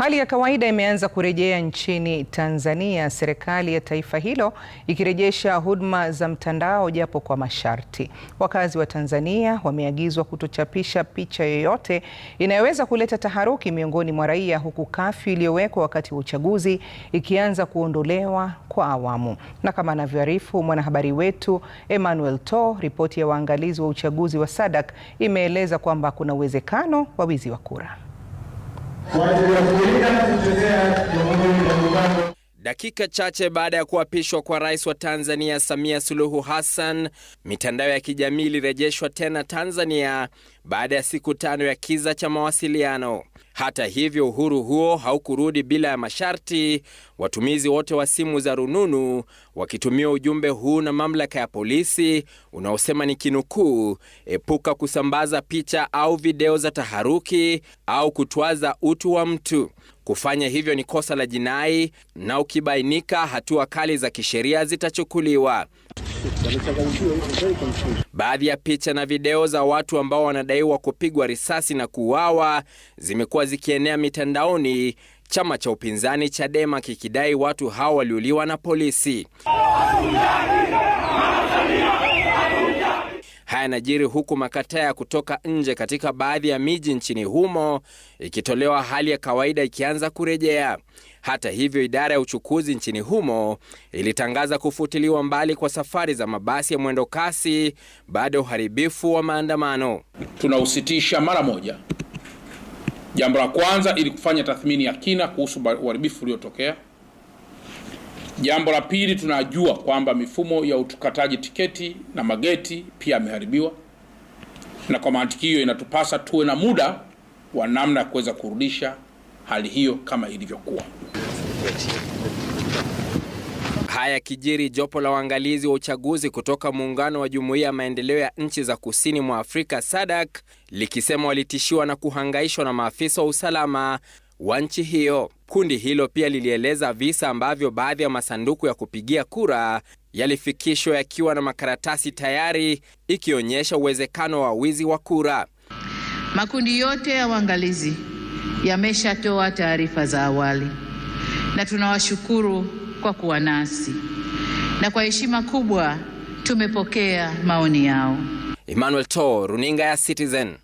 Hali ya kawaida imeanza kurejea nchini Tanzania, serikali ya taifa hilo ikirejesha huduma za mtandao japo kwa masharti. Wakazi wa Tanzania wameagizwa kutochapisha picha yoyote inayoweza kuleta taharuki miongoni mwa raia, huku kafyu iliyowekwa wakati wa uchaguzi ikianza kuondolewa kwa awamu. Na kama anavyoarifu mwanahabari wetu Emmanuel To, ripoti ya waangalizi wa uchaguzi wa SADC imeeleza kwamba kuna uwezekano wa wizi wa kura kwa ajili ya na kutetea jamhuri ya muungano. Dakika chache baada ya kuapishwa kwa rais wa Tanzania Samia Suluhu Hassan, mitandao ya kijamii ilirejeshwa tena Tanzania baada ya siku tano ya kiza cha mawasiliano. Hata hivyo, uhuru huo haukurudi bila ya masharti, watumizi wote wa simu za rununu wakitumia ujumbe huu na mamlaka ya polisi unaosema ni kinukuu, epuka kusambaza picha au video za taharuki au kutwaza utu wa mtu. Kufanya hivyo ni kosa la jinai, na ukibainika, hatua kali za kisheria zitachukuliwa. Baadhi ya picha na video za watu ambao wanadaiwa kupigwa risasi na kuuawa zimekuwa zikienea mitandaoni, chama cha upinzani Chadema kikidai watu hao waliuliwa na polisi. Haya yanajiri huku makataa ya kutoka nje katika baadhi ya miji nchini humo ikitolewa, hali ya kawaida ikianza kurejea. Hata hivyo, idara ya uchukuzi nchini humo ilitangaza kufutiliwa mbali kwa safari za mabasi ya mwendo kasi baada ya uharibifu wa maandamano. Tunausitisha mara moja, jambo la kwanza, ili kufanya tathmini ya kina kuhusu uharibifu uliotokea. Jambo la pili, tunajua kwamba mifumo ya utukataji tiketi na mageti pia ameharibiwa, na kwa mantiki hiyo inatupasa tuwe na muda wa namna ya kuweza kurudisha hali hiyo kama ilivyokuwa. Haya kijiri, jopo la waangalizi wa uchaguzi kutoka muungano wa jumuiya ya maendeleo ya nchi za kusini mwa Afrika SADC likisema walitishiwa na kuhangaishwa na maafisa wa usalama wa nchi hiyo. Kundi hilo pia lilieleza visa ambavyo baadhi ya masanduku ya kupigia kura yalifikishwa yakiwa na makaratasi tayari, ikionyesha uwezekano wa wizi wa kura. Makundi yote ya waangalizi yameshatoa taarifa za awali na tunawashukuru kwa kuwa nasi na kwa heshima kubwa tumepokea maoni yao. Emmanuel To, runinga ya Citizen.